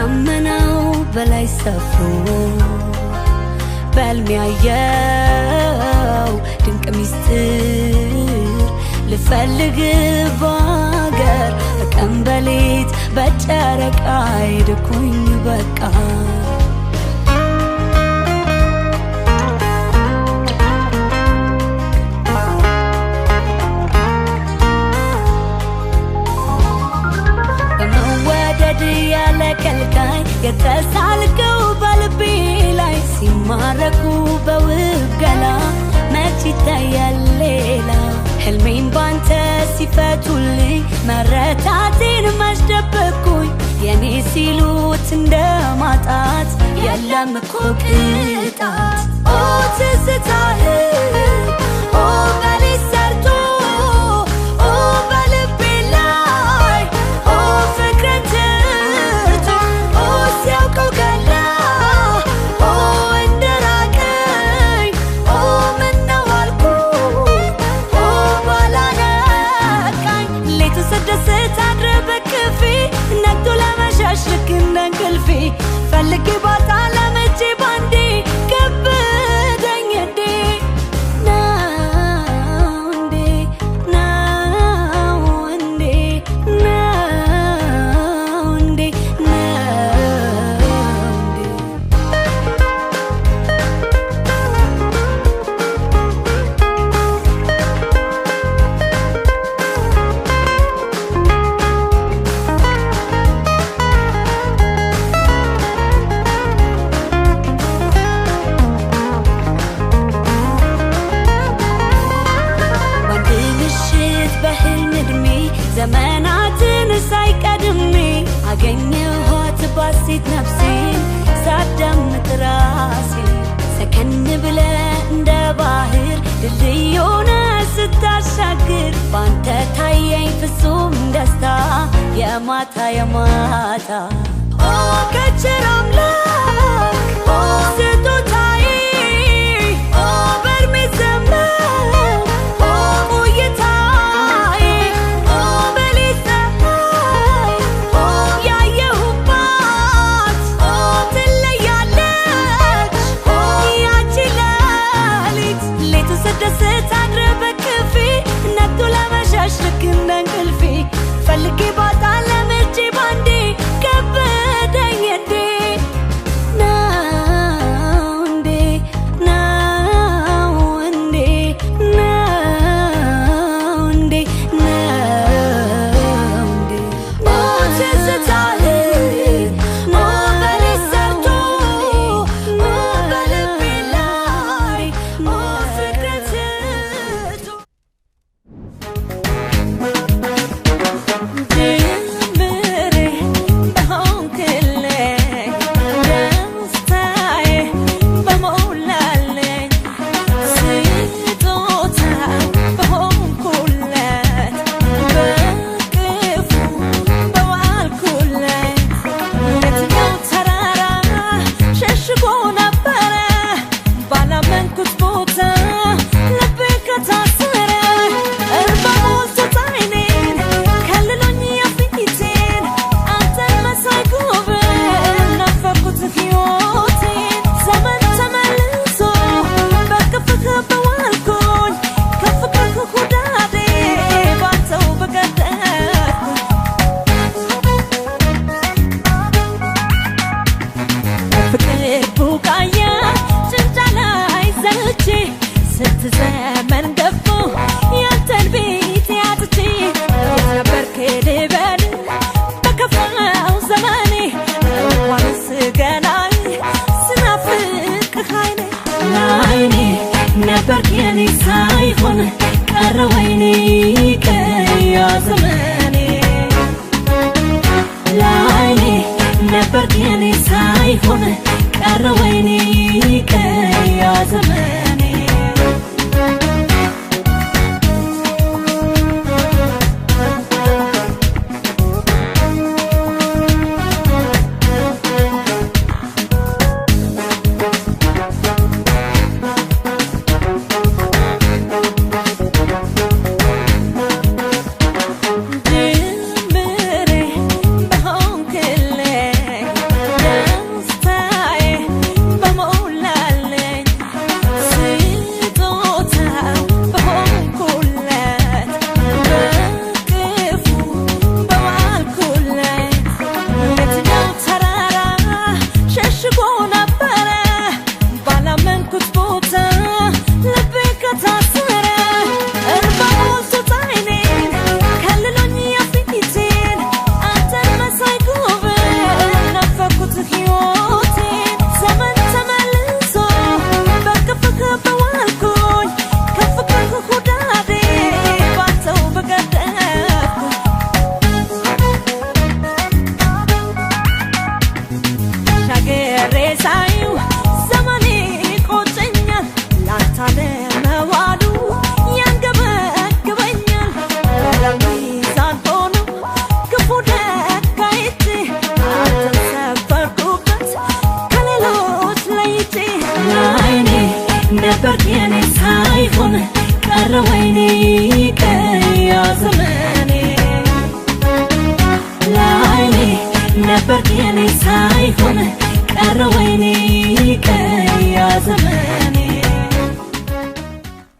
ከደመናው በላይ ሰፍሮ በሕልሜ ያየው ድንቅ ሚስጥር ልፈልግ ባገር በቀን በሌት በጨረቃ ይድኩኝ በቃ በውብ ገላ መች ይታያል ሌላ ህልሜን ባንተ ሲፈቱልኝ መረታቴን መች የኔ ሲሉት እንደ ማጣት የለም እኮ ቅጣት ኦ ትዝታህ ድልድዩን ስታሻግር ባንተ ታየኝ ፍጹም ደስታ የማታ የማታ ከችራም ቀረ ወይኔ ከያ ነበር የኔ ሳይሆን ቀረ ወይኔ ከያ ዘመኔ Teresa